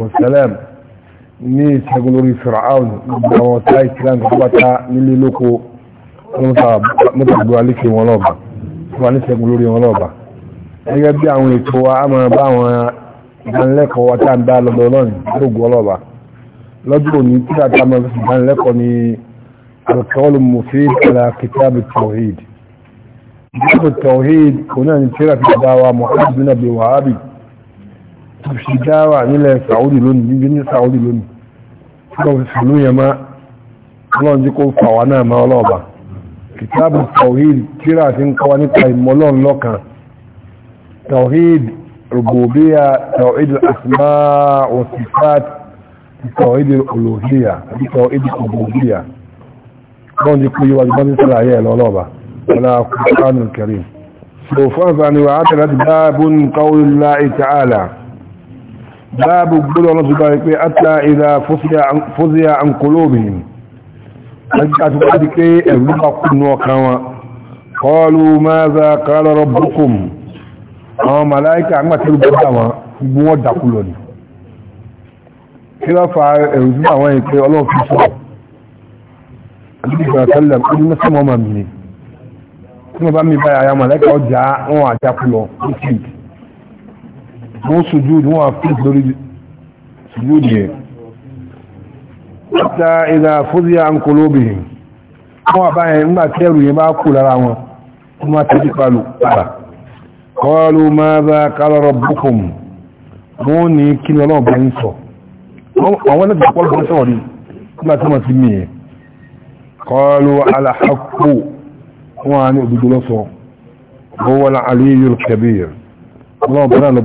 والسلام ní ìṣẹ́gun lórí fìràáùn gbogbo àwọn tá ìkìlá nǹkan pátá nílé lóko mọ́tàgbọ́ alékè wọn lọ́ọ̀bà fún aníṣẹ́gun lórí wọn lọ́ọ̀bà gẹ́gẹ́ bí àwọn ètò wa a máa bá àwọn ìdánilẹ́kọ̀ọ́ wa tá ń bá lọ́dọ̀ lọ́rin lóògùn ọlọ́ọ̀bà lọ́dún òní tí a ta máa fi ìdánilẹ́kọ̀ọ́ ni alkawal mufid ala kitab tawhid kitab tawhid kò náà ni tíra fi dáwà muhammadu nabi wahabi tó fi dáwà nílẹ̀ Saudi lónìí níbi ní Saudi lónìí tí wọ́n fi fìlú yẹn má ọlọ́run jí kó fà wá náà má ọlọ́ọ̀bà kìtàbù tawhid kíra ti ń kọ́wá nípa ìmọ̀lọ́run lọ́kan tawhid rububiyya tawhid asma wa sifat tawhid uluhiyya tawhid rububiyya ọlọ́run jí kó yíwájú bá ní sára ayé ẹ̀ lọ́lọ́ọ̀bà ولا قرآن الكريم سوف أفعني وعتلت باب قول الله تعالى باب قول الله سبحانه وتعالى حتى إذا فزع عن قلوبهم أتبعدك أبلغكم وكما قالوا ماذا قال ربكم أما ملائكة عما تلقوا بمودع كلهم كلا فأرزم أواني كي الله في سورة أبي فأتلم أبي ما سمع ما مني ثم بأمي بأي أيام ملائكة وجاء وعجاء كلهم wọ́n sojú ní wọ́n fi lórí sojú díẹ̀ ta ìdá fúzi à ń kóló bìhìn wọ́n àbáyẹ̀ nígbà tí ẹrù yẹn bá kú lára wọn wọ́n máa tẹ́jú palù padà kọlu sọ ọlọ́ọ̀bọ̀ náà lọ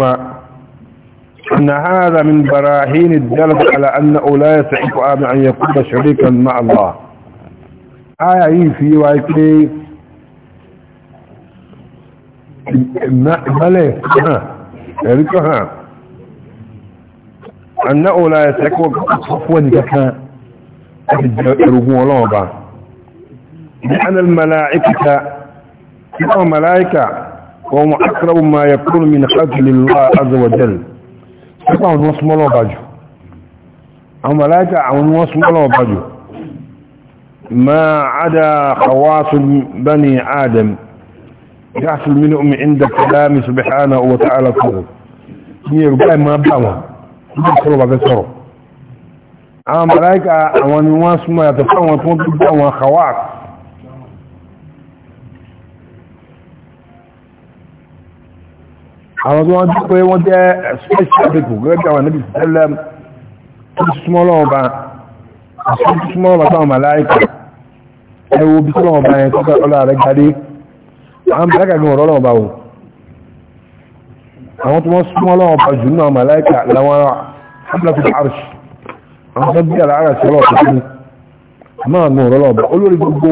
bá أن هذا من براهين الدالة على أنه لا يستحق أبن أن يكون شريكا مع الله آية في وعيكي ملك ها أنه لا يستحق صفوة كان أبن يرغم الله لأن الملائكة هم ملائكة وهم أقرب ما يكون من قتل الله عز وجل سبحان الله وصم الله باجو هم ملائكة هم سبحان الله باجو ما عدا خواص بني آدم يحصل أم عند كلام سبحانه وتعالى كله هي ما بقى يدخلوا بعد سرو àwọn ملائكة àwọn ni wọ́n súnmọ́ àwọn tó wọ́n jẹ́ pé wọ́n jẹ́ special people gẹ́gẹ́ bí àwọn ẹ̀nẹ́bí tẹ́lẹ̀ tó súnmọ́ lọ́wọ́ bá àti tó súnmọ́ lọ́wọ́ táwọn màláìkà ẹ wo bí sọ́lọ́wọ́ bá yẹn tọ́ka ọlá rẹ̀ gbadé àwọn màláìkà gan ọ̀rọ̀ lọ́wọ́ bá wò àwọn tó wọ́n súnmọ́ lọ́wọ́ bá jù náà màláìkà làwọn hamlatul arsh àwọn tó bí àlà ara sí ọlọ́wọ́ tó ní àmọ́ àgbọn ọ̀rọ̀ lọ́wọ́ bá olórí gbogbo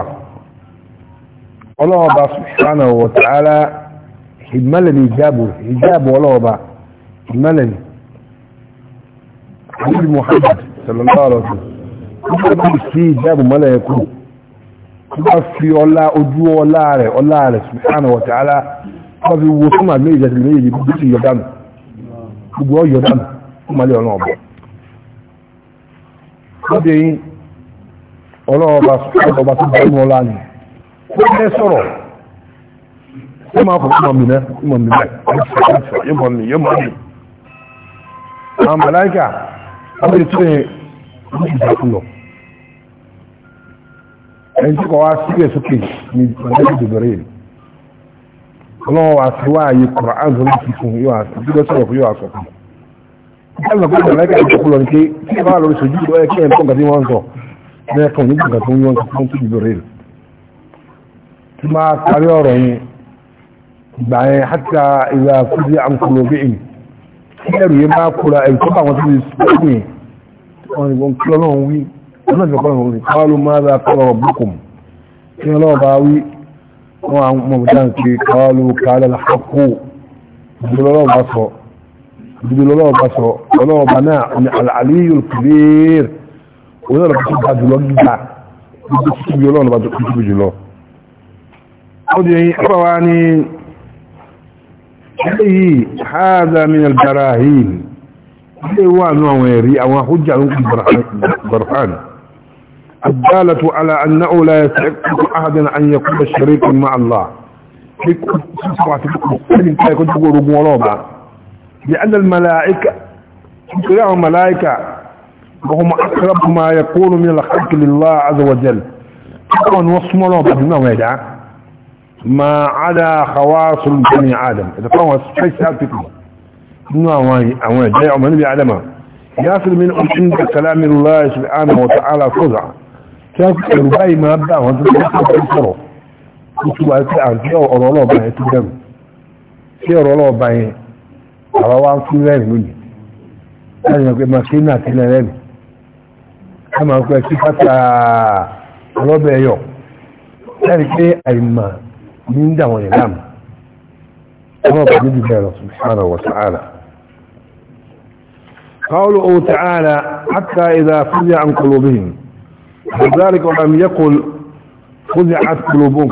ó máa Ọlọọba subhanahu wa ta'ala ìmọ́lẹ̀ ni ìjábò ìjábò ni Muhammad sallallahu alaihi wa sallam nígbà fi ojú ọlá rẹ̀ ọlá rẹ̀ subhanahu wa ta'ala tó wo ti gbogbo bẹ́ẹ̀ sọ̀rọ̀ ó máa fọ̀ ọmọ mi náà ọmọ mi náà yọmọ mi yọmọ mi àwọn màláìkà abẹ́rẹ́ tí ó ń jà fún lọ ẹni tí kò wá sílẹ̀ sókè ní ọ̀dẹ́gbẹ̀ dòdòrè yìí ọlọ́wọ́ wá sí wáyé kùrán tó ń fi fún yóò àti yóò àsọ̀ tí máa parí ọ̀rọ̀ yẹn ìgbà yẹn hátà ìwà kúrò àǹkùrò bí i ẹrù yẹn máa kúrò ẹ̀rù tó bá wọn tó lè sọ́kùn yẹn wọn ìwọ̀n kí ọlọ́run wí wọn náà fi kọ́ ọ̀rọ̀ káwálù máa bá kọ́ ọ̀rọ̀ bùkùn kí ọlọ́run bá wí wọn àwọn ọmọ bùdá ń pe káwálù káwálù àkókò ìdílé ọlọ́run bá sọ ìdílé ọlọ́run bá sọ ọlọ́run bá náà ní àlàyé kìlérè òun náà lọ أودي هذا من البراهين أو حجة برهان الدالة على أنه لا يستحق أحدا أن يكون شريك مع الله لأن الملائكة يقولون الملائكة وهم أقرب ما يكون من الخلق لله عز وجل ma ada khawasul bani adam ita kan wasu special people nínú àwọn ẹ̀jẹ́ ọmọ níbi adama ya fi min ọdún da kalamin lọ́yẹ̀ subhanahu wa ta'ala kọ́za kí a kò rú báyìí máa bá àwọn tó kọ́ sọ̀rọ̀ kútu wa sí àti ọ̀rọ̀ ọlọ́ọ̀bá yẹn tó dẹ̀rù sí ọ̀rọ̀ ọlọ́ọ̀bá yẹn àwọn wa ń fún rẹ̀rìn lónìí láti mọ̀ pé ṣe náà sílẹ̀ rẹ̀rìn ká máa pẹ́ kí pátá ọlọ́bẹ̀ yọ láti pé àìmọ̀ من ده وينام رب نجد الله سبحانه وتعالى قوله تعالى حتى إذا فزع عن قلوبهم لذلك ولم يقل فزعت قلوبهم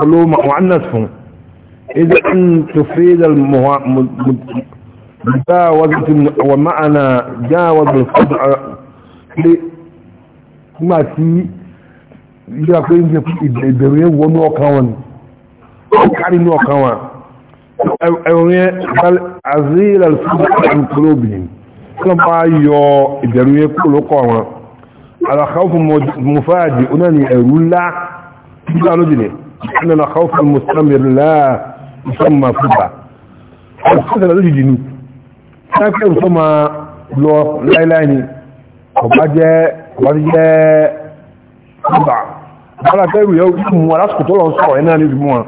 قلوبهم وعنتهم إذا أن تفيد المجاوزة ومعنى جاوز الفزع ما في يقول إبريم ونوكاون kárí ní ọkàn wa ẹ̀rùn yẹn azil al-fadl kulubihim kí wọ́n bá yọ ìbẹ̀rù yẹn kúrò lókọ̀ wọn al-khawf mufadi ó náà ní ẹ̀rù ńlá tí wọ́n lójú ní ẹ̀rù al-khawf mustamir láà ìsọ́mà fúgbà ẹ̀rù sọ́sẹ̀ lójú ní sáfẹ́ ìsọ́mà lọ láíláí ni ọba jẹ́ ọba jẹ́ ọba bọ́lá tẹ́rù yẹn mú alásùkò tó lọ sọ̀rọ̀ ẹ̀ náà ní ìdìbò wọn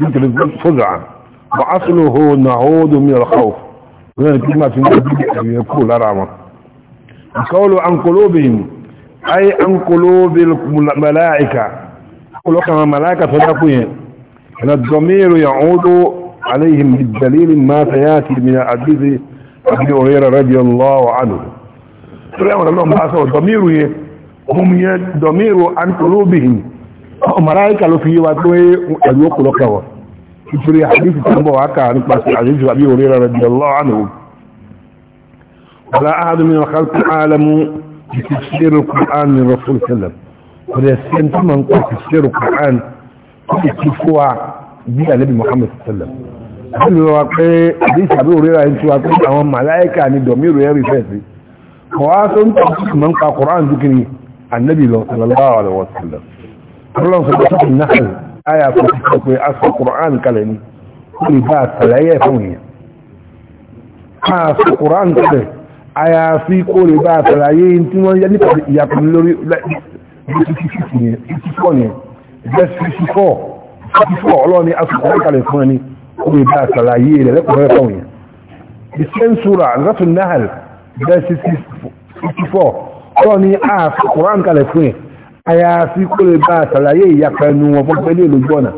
بنت فزعا وأصله نعود من الخوف وذلك كلمة يقول أرامة القول عن قلوبهم أي عن قلوب الملائكة قلوا كما ملائكة تدقين أن الضمير يعود عليهم بالدليل ما سيأتي من الحديث أبي هريرة رضي الله عنه سلام الله ما أصبح ضميره هم يضمير عن قلوبهم màláíkà ló fi yé wa pé ẹ̀rù ọ̀pọ̀lọpọ̀ wọ̀ nítorí àdífì tó ń bọ̀ wá kà nípa àdífì àbí orí rẹ̀ rẹ̀ lọ́ ànàwó wàlá àádọ́mí ọ̀kálùkù àlẹ́mú ìfìṣẹ́rù kùrán ní rọ́fún sẹ́lẹ̀ ọ̀dẹ̀ sẹ́n tó máa ń kọ́ ìfìṣẹ́rù kùrán tó ti kí fún wa bí àlẹ́bí Muhammad sẹ́lẹ̀ àbí wa pé àdífì àbí orí rẹ̀ ń tiwa pé àwọn màláíkà ní dọ̀míru ẹ̀rì fẹ́ sí kọ̀wá ọlọ́run sọ pé náà àyà fún ti sọ pé aṣọ kùrán kalẹ̀ ni ó lè bá àtàlàyé fún èèyàn aṣọ kùrán kalẹ̀ àyà fi kó lè bá àtàlàyé tí wọ́n yẹ nípa ìyàpọ̀ lórí ọlọ́run ni aṣọ kùrán kalẹ̀ fún ẹni ó lè bá àtàlàyé rẹ̀ lẹ́kùnrẹ́ fún èèyàn ìsẹ́n sura rẹ́tùn náà bẹ́ẹ̀ sí 64 ọlọ́run ni aṣọ kùrán kalẹ̀ fún èèyàn àyàfi kó lè bá àtàlàyé ìyapa ẹnu wọn fún pẹ́lú ìlú gbọ́nà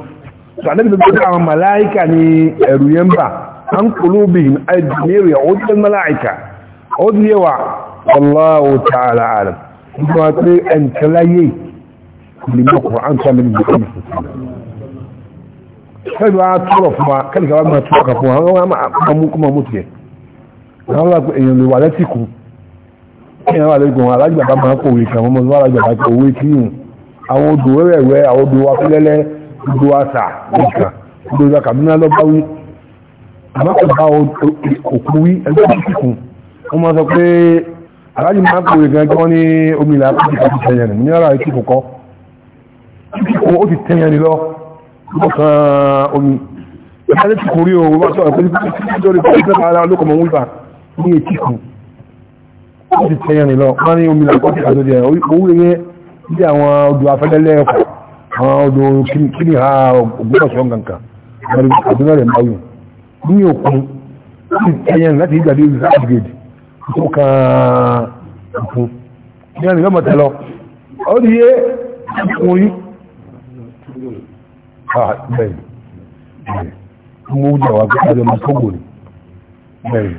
sàdébí ló gbọ́dọ̀ àwọn màláìkà ní ẹ̀rù yẹn bà á ń kúrò bí i ẹ̀dùnmẹ́rì ọdún màláìkà ọdún yẹwà Allahu ta'ala alam nígbà wọn pé ẹnìkẹ́láyé lè mọ̀ kọ̀ á ń tọ́ mẹ́rin gbọ́dọ̀ kẹ́lú wa tọrọ fún wa kẹ́lú wa máa tọrọ fún wa wọ́n máa mú kọ́ máa mú ẹ̀yàn wà lẹ́gùn alágbàbá máa ń kòwé kan mọ́mọ́ wà alágbàbá kòwé kíyùn àwọn odò wẹ́wẹ̀wẹ́ àwọn odò afẹ́lẹ́lẹ́ odò àṣà nìkan odò ìjọ kàdúnà lọ́báwí àmọ́kọ̀bá òkú wí ẹgbẹ́ kíkùn wọ́n máa sọ pé alájì máa ń kòwé kan kí wọ́n ní omi ìlà áfíríkà ti tẹ̀yẹ̀ nì ní ara kíkùn kọ́ kíkùn ó ti tẹ̀yẹ̀ nì lọ lọ́kàn omi ìpàdé kíkùn rí o wọ́n sọ pé kíkùn ó sì tẹ́yàn nìlọ wọ́n ní omi làkọ́tì àtòdì ẹ̀ owó yẹ ní àwọn odò afẹ́lẹ́lẹ́ ẹ̀kọ́ àwọn odò kíní ha ògbókọ̀ṣọ́ gankan lórí àdúrà rẹ̀ máa yùn ní òkun ó sì tẹ́yàn láti ìgbàdé ìgbàdé tó kan òkun ní àná ìlọ́mọ̀ tẹ́lọ ó di yé orí bẹ́ẹ̀ mo jà wá gbọ́dọ̀ mọ́ tó gbòòrò bẹ́ẹ̀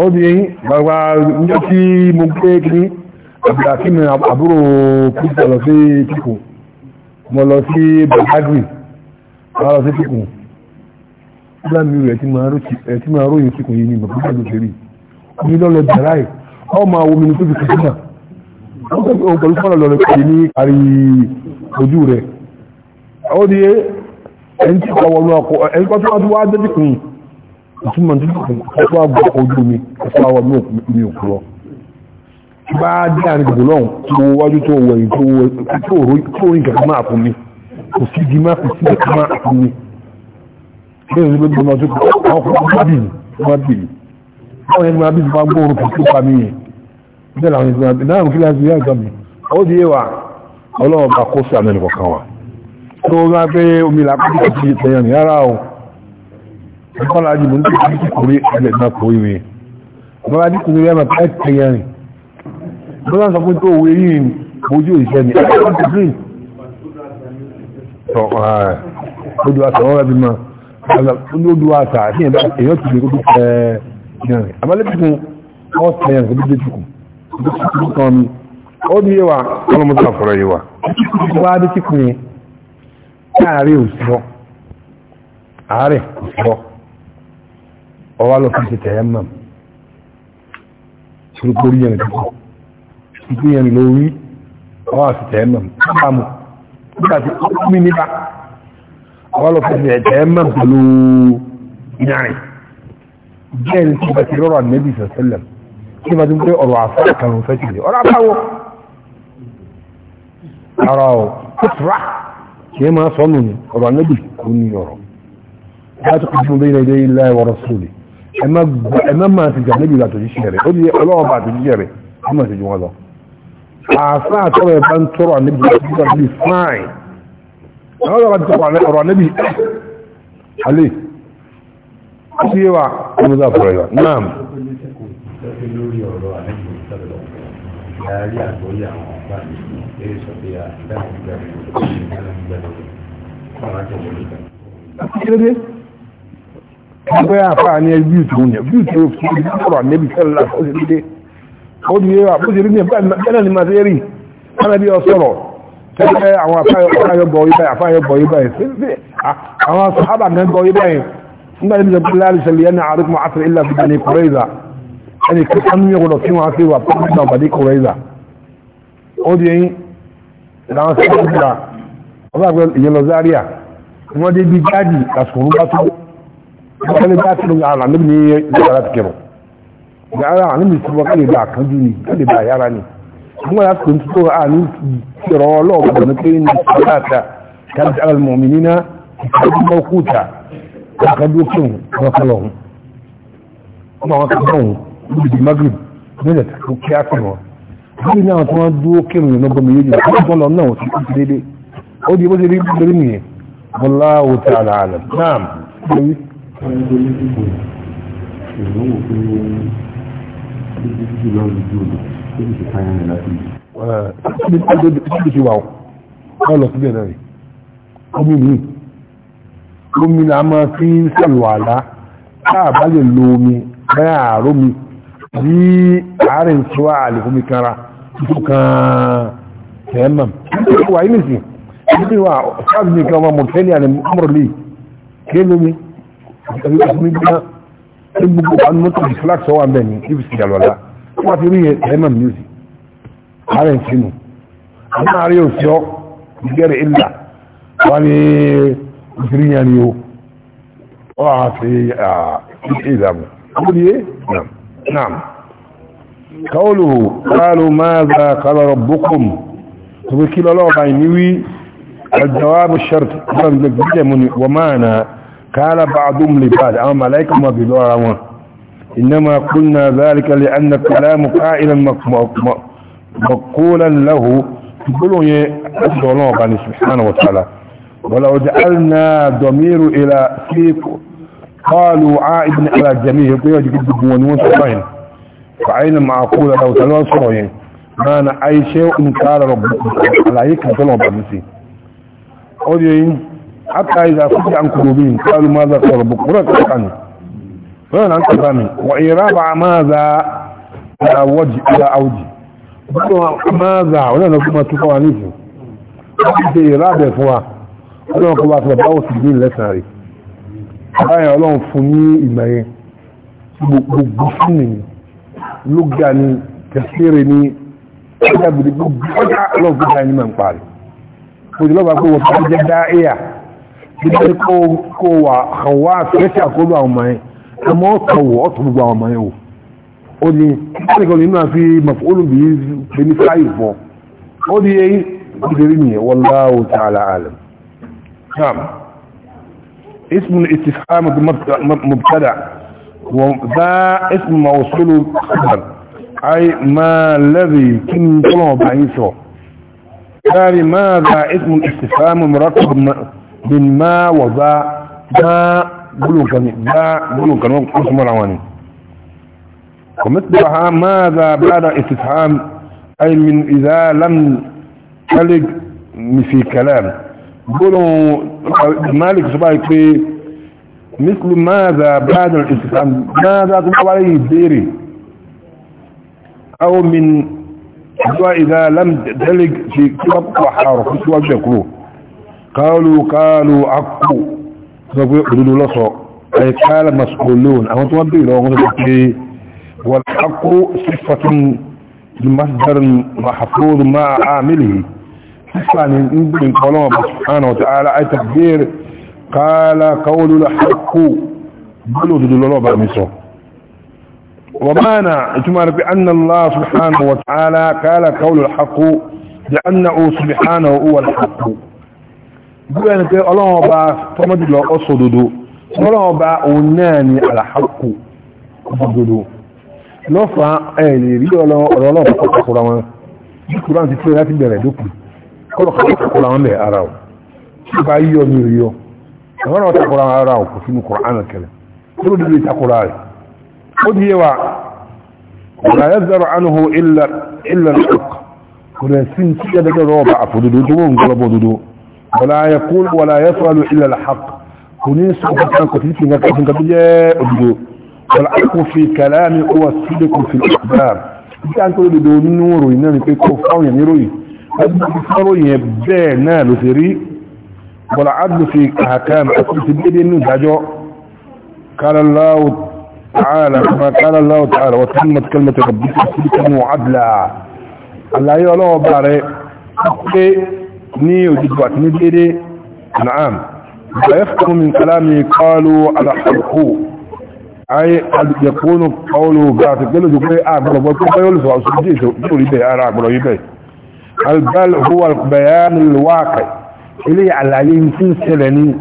ó di eyín gbàgbà níjọ́ tí mo pé kí abdulhakeem àbúrò kúrò lọ sí kíkù mo lọ sí badagry wọ́n lọ sí kíkù láàmì rẹ̀ tí máa ròyìn kíkù yìí ni bàbá ìlú ṣe rí omi lọ́lọ́ jàráì ọ máa wo mi ní tó fi kìtìmà ó sọ pé pẹ̀lú fọ́nà lọ́lọ́ pè ní àrí ojú rẹ̀ ó di ẹni tí kọ́ wọnú ọkọ̀ ẹni kọ́ tí wọ́n ti yìí ìtumọ̀ tó dùn ọ̀pọ̀ àgbà ojú mi ọ̀pọ̀ àwọn mi ò kúrọ̀ bá dé àrin gbogbo náà tó wájú tó wẹ̀yìn tó rìn kẹ̀kẹ́ máa fún mi kò sí di máa kò sí kẹ̀kẹ́ máa fún mi bẹ́ẹ̀ ni gbogbo ọmọ tó kọ́ àwọn ọkọ̀ bá bì mí wọ́n bì mí báwọn ẹni máa bí máa gbọ́ orúkọ tó pa mí yẹn bẹ́ẹ̀ làwọn ẹni máa bí náà kí láti yá ìgbà mi ó di yé wa ọlọ́wọ́ bá kó sí àmì ẹnì kọ̀ọ̀kan wa tó máa pé omi làpá kọ́lá ajé mú ní kí kúrí ẹgbẹ̀ náà kó ìwé bọ́lá ní kúrí ẹmà pẹ́ kẹyà rìn bọ́lá sọ fún tó owó èyí ojú ìṣẹ́ ni ojú àṣà wọ́n rẹ̀ bí ma ojú àṣà àti èyàn ti lè kó tó fẹ́ yẹn àbálẹ́bìkún ọ́ sẹ́yàn kó tó dé tukù tó kàn mí ó ní yẹwà ọlọ́mọdé àfọ̀rọ̀ yẹwà wá dé kíkùn yẹn láàárín òṣìṣọ́ àárẹ̀ òṣìṣọ́ ọwá lọ fún tẹ̀tẹ̀ ẹ̀mà ṣùgbọ́n orí yẹn kọ́ ṣùgbọ́n yẹn lórí ọwá tẹ̀tẹ̀ ẹ̀mà kápá mu nígbà tí ó mí nípa ọwá lọ fún tẹ̀tẹ̀ ẹ̀mà pẹ̀lú yàrin jẹ́ ní tí bá ti rọrọ̀ ànẹ́bí sọ̀sẹ́lẹ̀ kí bá ti ń pé ọ̀rọ̀ àfá kan fẹ́ ti lè ọ̀rọ̀ àfáwọ ara ọ̀ kùtùrà kí ẹ máa sọ́nù ni ọ̀rọ̀ ànẹ́bí kò ní ọ̀rọ̀ láti kùtù bẹ́ẹ̀ ilẹ̀ ilẹ̀ ìwọ̀rọ̀ sólè ẹ̀mọ́ máa ti jà níbi àtòjíṣẹ́ rẹ̀ ó di ọlọ́ọ̀bà àtòjíṣẹ́ rẹ̀ ó máa ti jù wọn lọ àfá àtọ́rọ̀ ẹ̀ bá ń tọrọ níbi àtòjíṣẹ́ rẹ̀ fine àwọn ọlọ́ọ̀bà ti tọrọ ọ̀rọ̀ níbi alẹ́ ó sì yé wa ó mú sáfọ̀rọ̀ ìwà náà. lórí ọ̀rọ̀ àlẹ́ kò sọ̀rọ̀ yàrá àgbóyè àwọn ọ̀pá eré ẹgbẹ́ àfáà ní ẹbí ìtòun ní ẹbí ìtòun fún ìdí ọ̀rọ̀ ànẹ́bí sẹ́lá ó sì rí dé ó di ẹwà bó ṣe rí ní ẹgbẹ́ ní máa ṣe rí ẹnàbí ọ̀sọ̀rọ̀ ẹgbẹ́ àwọn afáyọ bọ̀ ibà afáyọ bọ̀ ibà àwọn sábà kan bọ̀ ibà yẹn nígbà níbi sọpọ̀ láàrín sẹlẹ̀ yẹn náà àrùkùn àti ilà fi bẹni kùrẹ́ìzà ẹni kankan ní ọgbọ̀dọ̀ kí wọ́n á fi wà pọ́ńtà ọ̀bàdì kùrẹ́ìzà ó di ẹyin làwọn sábà gbà ọba wani ba su da ala ne ya zara ta kiro da ala annabi su ba kare da kan juni kare ba yara ne kuma ya su tuntu a ni kiro lo ba da kai ni salata kan da al mu'minina kan mawkuta ka ka dukin ka kalon kuma ka kalon bi magrib ne da ku kiya kuma bí ní àwọn tí wọ́n dúó kírùn ìrìnà gbọmọ yéjì bọ́lọ̀ náà ti kú dédé ó di bó ṣe rí gbẹ̀rẹ̀ nìyẹn bọ́lá òtà àlàálẹ̀ náà káyọ̀ tó ní dìbò èèyàn wò pé bíbí bíbí náà lè dúró lọ tó lè fi káyọ̀ rẹ̀ láti yìí. ṣé ṣé ṣe wà ó báwo lọ síbẹ̀ náà rè omi mi omi la máa fi ń ṣàlùwàlá tá a bá lè lo omi bẹ́ẹ̀ àárò mi bí àárẹ̀ ń sọ àlè omi kanra tó kan tẹ́ẹ̀mà wà yìí nìsín ibi wa ọ̀sáàbì nìkan ọmọ mọ̀kẹ́lì àlè ọmọrọ̀lì kéèlómi ìtàgé ọ̀sán nígbà ní gbogbo àwọn mọ́tò ìfúlá sọ wà mẹ́ni níbi sí ìdàlọ́lá wọ́n ti rí ẹ̀mà mìíràn ààrẹ ìsinú àwọn ààrẹ òṣìọ́ ìgẹ́rẹ̀ ìlà wọ́n ní ìsirí yẹn ni ó wọ́n á fi ìdàmù ó ní نعم قوله قالوا ماذا قال ربكم تقول كلا الله بعينيوي الجواب الشرط ومعنى قال بعضهم لبعض أما ملائكة ما بدور إنما قلنا ذلك لأن الكلام قائلا مقولا له يقولون يأسوا الله سبحانه وتعالى ولو جعلنا ضمير إلى فيك قالوا عائد على الجميع يقول يجب بمونون سبعين فأين معقولة لو تلوى سبعين ما أنا أي شيء قال ربكم على يكن تلوى بمسي أوديين حتى إذا فجع عن قلوبهم قالوا ماذا قال بكرة عنه فأنا أنت فاهمين وإرابع ماذا إلى وجه إلى أوجه ماذا ولا نقوم تقوى نيسه وإذا إرابع فوا ولا نقوم أصلا بأو سجين لساري báyìí ọlọ́run fún ní ìmọ̀ yẹn gbogbo fún mi lóga ni kẹsíre ni ọjà gbogbo jẹ́ dá ẹ̀yà gbígbé kó wà àwọ́ àfẹ́sí àkóbò àwọn ọmọ yẹn ẹmọ́ ọ̀tọ̀wọ̀ ọ̀tọ̀ gbogbo àwọn ọmọ yẹn o ó ní kíkọ́ nínú àfi mọ̀fólùbí bẹni fáyì fọ́ ó ní èyí ìdérí nìyẹn wallahu ta'ala alam sam ismu istifham mubtada wa za ismu mawsul ma ladhi ثاني ماذا اسم الاستفهام مرتب. من ما وباء ما بلوكني باء بلوكني اسم العواني ومثلها ماذا بعد استفهام أي من إذا لم تلق في كلام بلو مالك سبايك في مثل ماذا بعد الاستفهام ماذا تقول عليه ديري أو من إذا لم تلق في كلام وحارف سواء جاكروه قالوا قالوا عقو قالوا لصو أي قال مسؤولون أما تودي لو لهم والحق صفة مصدر محفوظ مع عامله صفة من قولهم سبحانه وتعالى أي تقدير قال قول الحق قالوا دلوا الله بأمسه ومعنى اتمار بأن الله سبحانه وتعالى قال قول الحق لأنه سبحانه هو الحق gbogbo ẹni pé ọlọ́run ọba tọ́mọ́dúnlọ ọ̀sọ̀dodo ọlọ́run ọba òun náà ni àlàákù ọ̀sọ̀dodo lọ́fà ẹ̀ lè rí ọlọ́run ọlọ́run kọ́kọ́ra wọn bí kuran ti fẹ́ láti bẹ̀rẹ̀ dókun kọ́lọ̀ kọ́kọ́ra wọn lẹ̀ ara o tí bá yíyọ ní rí ọ àwọn ọ̀rọ̀ takọ́ra ara o kò sínú kuran kẹlẹ̀ kó ló dé takọ́ra rẹ̀ ó di yé wa ọ̀rọ̀ ayé zọrọ̀ anuhu ilẹ̀ ilẹ̀ kò rẹ̀ sí ní sí ẹ̀dẹ́gẹ́rọ̀ ọba àfòdodo tó wọ́n ń gbọ́lọ́bọ̀ dodo ولا يقول ولا يفعل إلا الحق كنيس وكتان كتلتي نكتن كتلتي أبدو والعقل في كلامي هو الصدق في الأخبار كان كل بدون نور وينامي في كفاو يميروي أبدو يبينا لثري والعدل في أحكام أكل سبيل إنه دعجو قال الله تعالى كما قال الله تعالى وتمت كلمة ربك صدقا وعدلا الله يقول يولو باري ني وجدوات نديري نعم لا يفتر من كلامي قالوا على حقه أي قد يكون قوله باطل قالوا تقول أعبر وقال يقول سواء سجيه تقول يبيه أنا يبي يبيه بل هو البيان الواقع اللي على يمكن سلني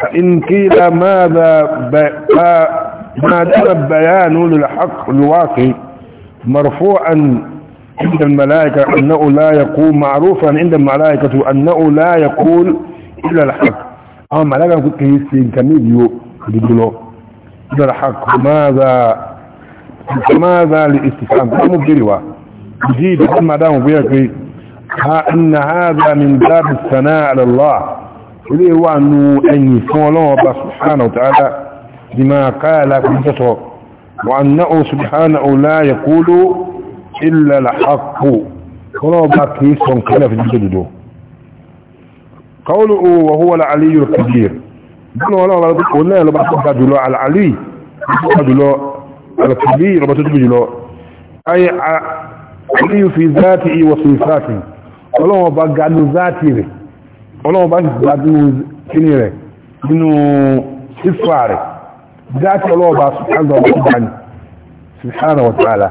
فإن قيل ماذا ب... ما دام البيان للحق الواقع مرفوعا عند الملائكة أنه لا يقول معروفا عند الملائكة أنه لا يقول إلا الحق أما الملائكة كيسين كميديو إلا الحق ماذا ماذا للاستفهام كم بجروا جيد أما دام بيك ها أن هذا من باب الثناء على الله إليه هو أنه أن يكون الله سبحانه وتعالى بما قال في وأنه سبحانه لا يقول إلا الحق ولو باكي سنقل في الجدد قوله وهو العلي الكبير قالوا ولا ولا لو بتبقى جلو على العلي جلو الكبير بتبقى جلو أي علي في ذاته وصفاته ولو بقى ذاته ولو بقى كنيره منه صفاره ذات الله سبحانه وتعالى سبحانه وتعالى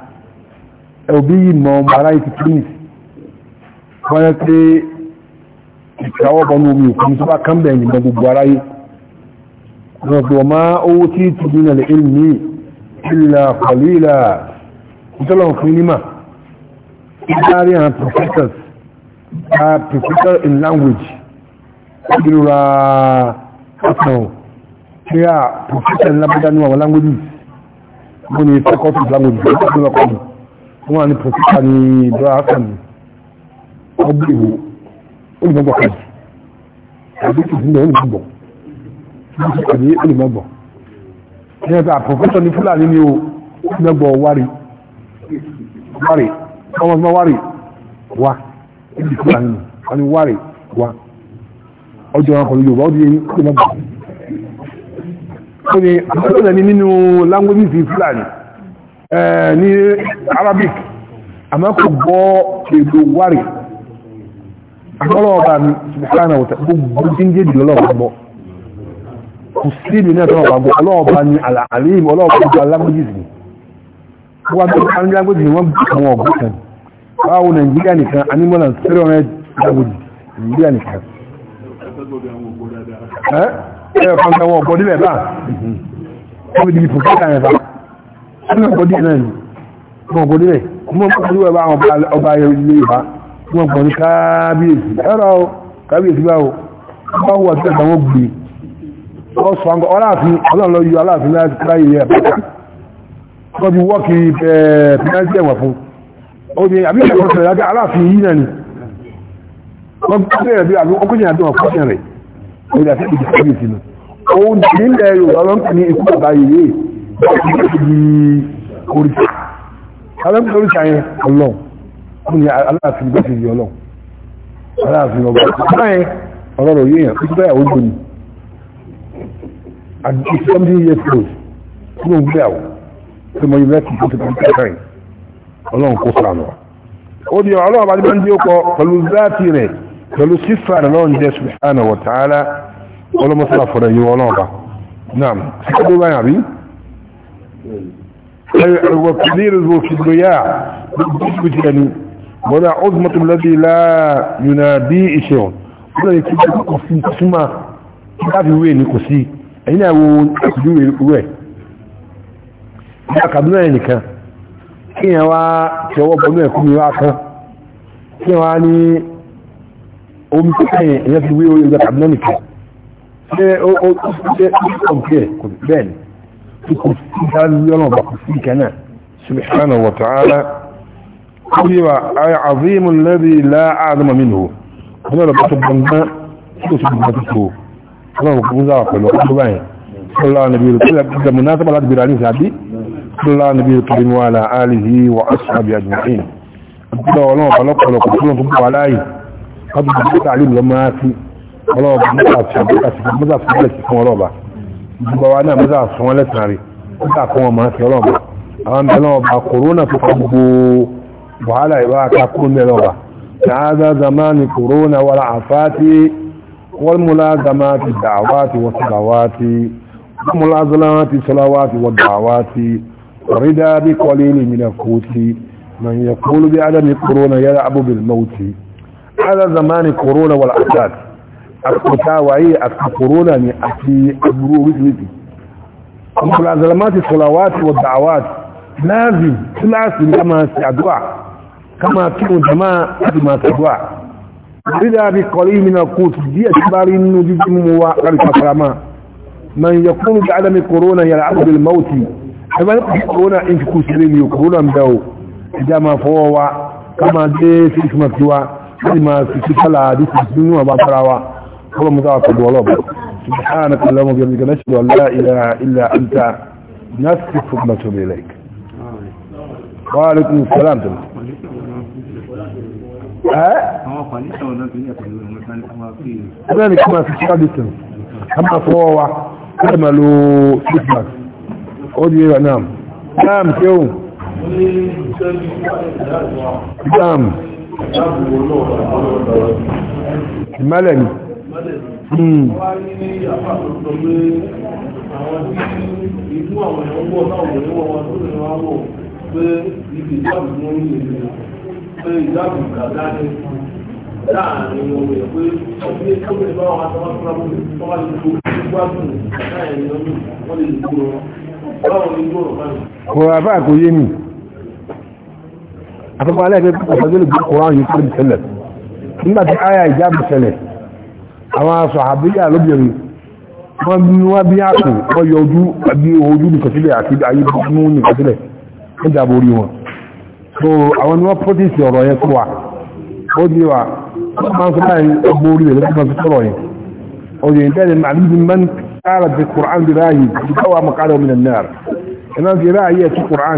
òbí yìí mọ ọmọ ara ìtì clinic wọ́n yẹ́ pé ìkàwọ́ bọ́nú omi òkun tó bá kán ti bí fún nímà ìdárí professors are professor in language ìrora ọ̀sán tí a professor lábúdá ní àwọn languages mo ní faculty languages wọ́n ni pọ̀tíkà ní ìdọ́rákan ọgbẹ̀wò olùmọ́gbọ̀ kan àbí ìpínlẹ̀ olùmọ́gbọ̀ pọ̀tíkà ní olùmọ́gbọ̀ ní ẹgbẹ́ àpọ̀fẹ́sọ̀ ní fúlàní ní olùmọ́gbọ̀ wárí wárí ọmọ ọmọ wárí wá ibi fúlàní ní wọ́n ni wárí wá ọjọ́ ọkọ̀ ní yorùbá ó di olùmọ́gbọ̀ ó ní àpọ̀fẹ́sọ̀ ní nínú láńgbẹ́bí Eh, ní arabic àmọ́kù gbọ́ èdò wárì àkọ́lọ́ọ̀bá mi ṣùgbọ́n àwọn gbogbo jíjẹ́ ìdí ọlọ́ọ̀bá gbọ́ kò sí ìlú náà tọ́lọ̀ọ̀bá gbọ́ ọlọ́ọ̀bá ni àlàálìm ọlọ́ọ̀bá gbọ́ alágbójìsì ni wọ́n tó alágbójì ni wọ́n gbọ́ àwọn ọ̀gbọ́n kan báwo nàìjíríà nìkan anímọ́lá sẹ́rọ̀ rẹ̀ alágbójì nàìjíríà nìkan ẹ̀ ẹ̀ kan ọmọ ọgbọ̀dí náà ni ọmọ ọgbọ̀dí rẹ̀ ọmọ ọgbọ̀dí wẹ̀ bá ọba ilé ìbá ọmọ ọgbọ̀dí kábíyèsí ẹ̀rọ kábíyèsí báwo bá wà tí ẹ̀sán wọ́n gbé ọ̀sọ̀ àgbọ̀ ọláàfin ọlọ́run lọ yọ aláàfin láti káyé ẹ̀ pátá wọ́n fi wọ́ọ̀kì pẹ́ẹ́ntì ẹ̀wọ̀n fún omi àbíkẹ́ ọ̀sẹ̀ láti aláàfin ní ikú àbáyé yìí oríṣà alábìsí oríṣà yẹn ọlọ́run ó ní aláàfin gbèsè yìí ọlọ́run aláàfin ọba ọba yẹn ọlọ́rọ̀ yìí yẹn ó bẹ́ẹ̀ ojú ni at seventy years old tí mo gbé àwọ̀ tí mo yẹ kí n tó ti kẹrin ọlọ́run kó sànù ó di ọlọ́run bá ti bá ń dé ọkọ pẹ̀lú záàtì rẹ̀ pẹ̀lú sífà rẹ̀ lọ́run jẹ́ subhanahu wa ta'ala ọlọ́mọ sáfọ̀rẹ̀ yìí ọlọ́run bá náà sí kí ló báyà rí وكبير ذو كبرياء بجاني ولا عظمة الذي لا ينادي شيء ولا يكون قصين قسمة كافي وين قصي هنا وين وين akàdúrà ẹnìkan kí ẹ wá tẹwọ́ bọ̀nú ẹ̀kú mi wá kan kí wá ní omi tó kẹ́yìn ẹ̀yẹ́ fi wí orí ẹgbẹ́ kàdúrà nìkan ṣe ó ṣe ó ṣe ọ̀pẹ́ bẹ́ẹ̀ ni سبحانه وتعالى قريبا أي عظيم الذي لا أعظم منه هنا لما تبنى تبنى الله يكون ذاك لو قد باين صلى الله نبي كل مناسبة لا تبير عليه سعدي صلى الله نبي كريم وعلى آله وأصحابه أجمعين أبدا والله فلق فلق كلهم تبقوا علي قد تعليم لما في والله بمتعب شعب أسفل مزعب سبحانه وتعالى gbogbo wa náà mẹ́ta fún wọn lẹ́sàn rí mẹ́ta fún wọn máa fi ọlọ́ọ̀bà àwọn mẹ́ta ọba kòrónà tó fọ́ gbogbo wàhálà ìwà àkàkùn mẹ́ta ọba ṣááza zamani kòrónà wàrà àfáàtì wọ́n múlá zamani dàwátì wọ́n sọ̀làwátì wọ́n múlá zamani sọ̀làwátì wọ́n bí kọ́lé lè mìíràn kòtì من يقول بعدم كورونا يلعب بالموت هذا زمان كورونا والعتاد àkọta wáyé àkàkòrónà ni àti agbúrú orísìírísìí ọmọkùnlázalamati sọ̀làwàtí wọ dàwàtí láàzì kíláàsì ní kama sí àdúwà kama kírùn jama láti ma sàdúwà rídà bí kọlí mina kóòtù díẹ̀ tí bá rí nínú jíjí mú wa láti kàkàràmà man ya kúrù bí adami kòrónà yàrá abubil mauti ẹgbẹ́ ní kòrónà in fi kú sílé ni kòrónà ń bẹ̀wò ìjà ma fọwọ́ wa kama dé sí ìsúnmọ̀ tiwa láti ma fi sí kálà àdúsì nínú àbáfarawa قبل مضاعف الولاب سبحانك اللهم وبحمدك نشهد أن لا إله إلا أنت نفسك ونتوب إليك وعليكم السلام تبقى كذلك ما في الشعب السنة أما صوة تعملوا سيسمك قولي نعم نعم يوم نعم الملك Hmm. pé ibi ìjáàbù ní orí ìlú pé ìjáàbù gàdá ní láàrin omi ẹ̀ pé ọdún ní kí ọmọdé bá wà tó wọ́n fúnra mú tó wà ní gbogbo gbádùn gàdá ẹ̀ ní ọdún wọ́n lè dúró wọn báwo ni dúró báyìí. kò àbá kò yé mi àtọ́kọ̀ alẹ́ pé kò sọ́jọ́ lè gbé kòrán yìí kúrò nígbà tí àyà ìjáàbù àwọn aṣọ àbíyà lóbìnrin wọ́n bí wọ́n bí àpò wọ́n yọ ojú àbí ojú nìkọsílẹ̀ àti ayé mú nìkọsílẹ̀ ń dàbò wọn so àwọn ni wọ́n pọ́tíìsì ọ̀rọ̀ yẹn tó wà ó di wà wọ́n máa ń sọ báyìí ọgbọ́ orí rẹ̀ lọ́pọ̀ tó sọ̀rọ̀ yẹn òye ìtẹ́lẹ̀ màálùmí máa ń kára ti kùrán di ráàyè ti káwà mọ̀kárà omi nàìjíríà iná fi ráàyè ti kùrán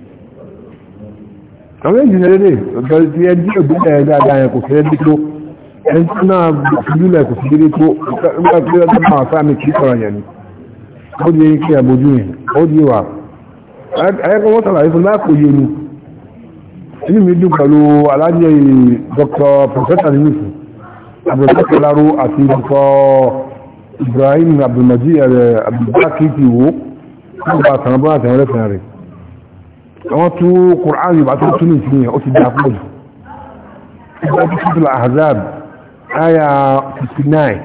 àwọn èjì lẹ́lẹ́ ọ̀gbẹ̀rẹ̀ tí ẹjí ògbìnlẹ̀ dáadáa yẹn kò fi ẹjí tó ẹni tí náà ìlúlẹ̀ kò fi dédé tó ọgbẹ̀rẹ̀ tó máa sáàmì kìí sọ̀rọ̀ yẹn ni ó di ẹni kí àbójú yẹn ó di ni inú mi dùn pẹ̀lú alájẹ Dr. Professor nínú abdulkakir laro àti Dr. Ibrahim abdulmajid abdulbakir ti wo nígbà àtàwọn bọ́ wọ́n tú Kùránì yóò bá tó túnú ìfún yẹn ó ti dá pọ̀ jù ìgbà tó túnú Ahzab aya 59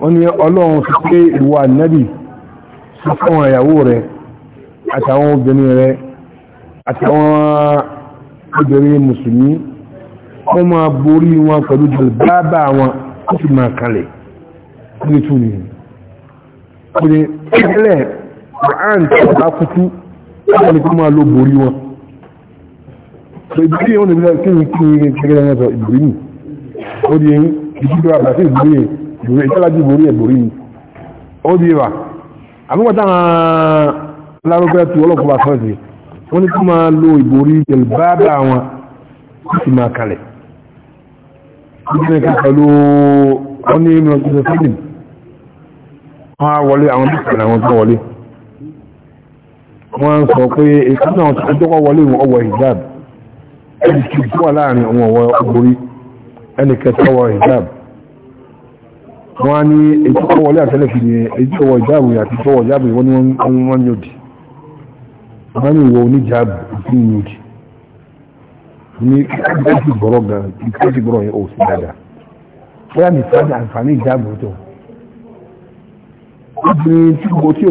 wọ́n ní ọlọ́run sọ pé ìwà nábì sọ fún àyàwó rẹ̀ àtàwọn obìnrin rẹ̀ àtàwọn obìnrin mùsùlùmí wọ́n máa borí wọn pẹ̀lú jù bábá wọn ó sì máa kalẹ̀ ní túnú yìí kò ní láwọn nìkan máa lo borí wọn ìbílẹ̀ wọn nìbílẹ̀ kí ni kí ni kẹ́kẹ́rẹ́ náà sọ ìbílẹ̀ ni ó di eyín ìdíjú àgbà sí ìbílẹ̀ ìbílẹ̀ ìtọ́lájú borí ẹ̀ borí ni ó di wà àbúkọ̀ táwọn lárúgbẹ́ tu ọlọ́pàá bá sọ́ọ̀sì wọ́n ní kí máa lo ìborí ìjẹ̀lbáàbà wọn kí sì máa kalẹ̀ ìbílẹ̀ kẹta ló wọ́n ní mìíràn kí wọ́n wọlé àwọn bí wọ́n sọ pé ìkànnà ọ̀tọ̀ ọjọ́kọ́ wọlé ọwọ́ hijab ẹni kí tó wà láàrin ọwọ́ ọwọ́ orí ẹni kẹta wọ hijab wọ́n ní ìtọ́kọ́ wọlé àtẹ́lẹ̀kì ní ìjọwọ́ hijab àti ìjọwọ́ hijab wọ́n ni wọ́n yòdì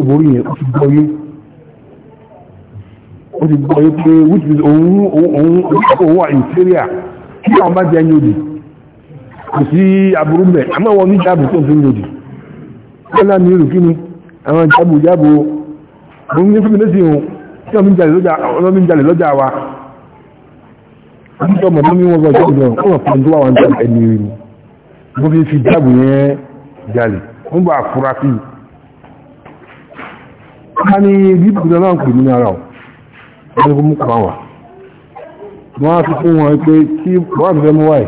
ni ó borí ó ti gbọ́ pé which is òun òun wà inferior kí àwọn bá jẹ́ ní òdì kò sí aburú mẹ́ àmọ́ wọn ní jáàbù tó ń fi ní òdì lọ́la ní ìrù kíni àwọn jáàbù jáàbù òun ní fúnmi lẹ́sìn òun tí wọ́n mi ń jalè lọ́jà wa nítorí ọmọ mi wọ́n bọ̀ jáàbù náà wọ́n fọ́n tó wà wọn jáàbù ẹni rí ni wọ́n fi fi jáàbù yẹn jalè wọ́n bọ̀ àfúrásì ká ní bíbù náà ń pè ní ara ọ̀ wọ́n fún mú kàwà wọ́n á fi fún wọn pé tí wọ́n fẹ́ mú wáyé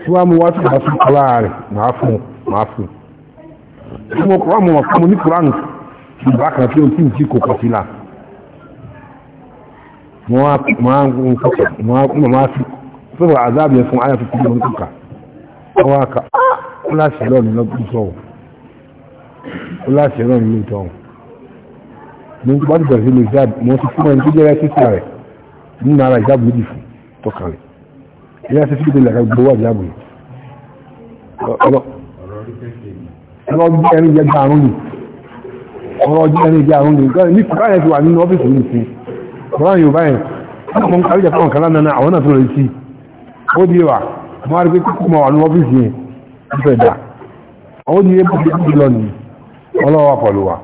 tí wọ́n mú wá tí wọ́n fún kọ́lá rẹ̀ máa fún máa fún tí wọ́n kọ́ mọ̀ fún ní koran ìgbà kan tí ó tí ń tí kò kọ́ sílá wọ́n á ń kọ́kọ́ wọ́n á fi sọ́rọ̀ àzáàbì fún ayà fi kúrò ní kọ́kà wọ́n á ka ó láṣẹ lọ́nà lọ́gbọ́n sọ́wọ́ ó láṣẹ lọ́nà lóòótọ́ mo bá ti bẹ̀rẹ̀ sí lo ìjáàbù mo ti fún ẹni tó jẹ́ rẹ́sítà rẹ̀ nínú ara ìjáàbù méjì fún tọkàn rẹ̀ ilé ẹsẹ̀ sí ìdílé àgbà gbogbo ìjáàbù yìí ọ̀rọ̀ ẹni jẹ́ gba àrùn ni ọ̀rọ̀ ẹni jẹ́ àrùn ni ní kùkà yẹn ti wà nínú ọ́fíìsì mi sí ọ̀rọ̀ yorùbá yẹn wọ́n mọ̀ ń kárí jẹ́ fáwọn kan lánàá àwọn náà tó lọ sí ó di wà mo wá rí pé kókó mọ̀ wà nínú ọ́fíìsì yẹn ń fẹ̀ dà ó di ẹbí lọ ní ọlọ́wà pọ̀lú wa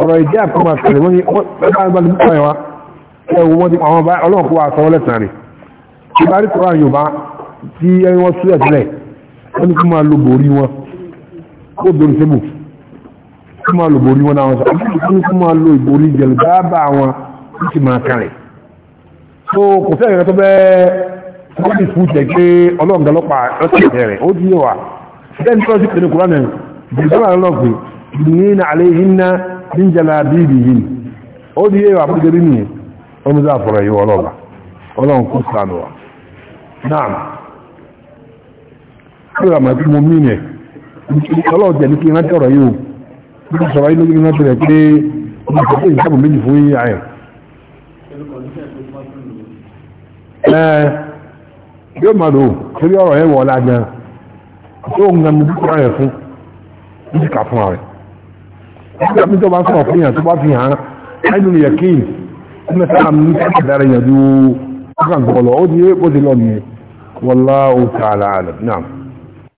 ọ̀rọ̀ ìdí àkọ́mà kẹrì wọ́n ni ọgbàgbàlù púpọ̀ ẹ̀wà ẹwọ wọ́n ti àwọn ọba ọlọ́pọ̀ àsọwọ́ lẹ́sàn rẹ̀ tí bá rí kọ́rọ̀ yorùbá tí ẹni wọ́n súyẹ̀ sílẹ̀ wọ́n ni kó máa lo borí wọn kó borí sébù kó máa lo borí wọn náà sọ wọ́n ni kó máa lo ìborí jẹ̀lú dábàá wọn ó sì máa kẹrì so kò fẹ́ ìrẹ́ tó bẹ́ wọ́n ti fún jẹ́ pé ọlọ́ọ̀gálọ́pàá ọ̀sẹ̀ من جلابيبهم ó di yíwa bú ní ọmọ záfọ̀rọ̀ yíwa ọlọ́ba ọlọ́run kú sànúwà náà kíra màá tí mí nẹ̀ ọlọ́run ní kí rántí ọ̀rọ̀ yíò bí sọ̀rọ̀ yíò ní rántí rẹ̀ pé ọmọ fún fún fún nígbà tí tó bá sọ̀rọ̀ fún yàn tó bá fi hàn áìlú yẹ kí ní sáà ní ìdára yàn ju gbọ́lọ̀ ó di é bó ti lọ nìyẹn wallahu ta'ala alam náà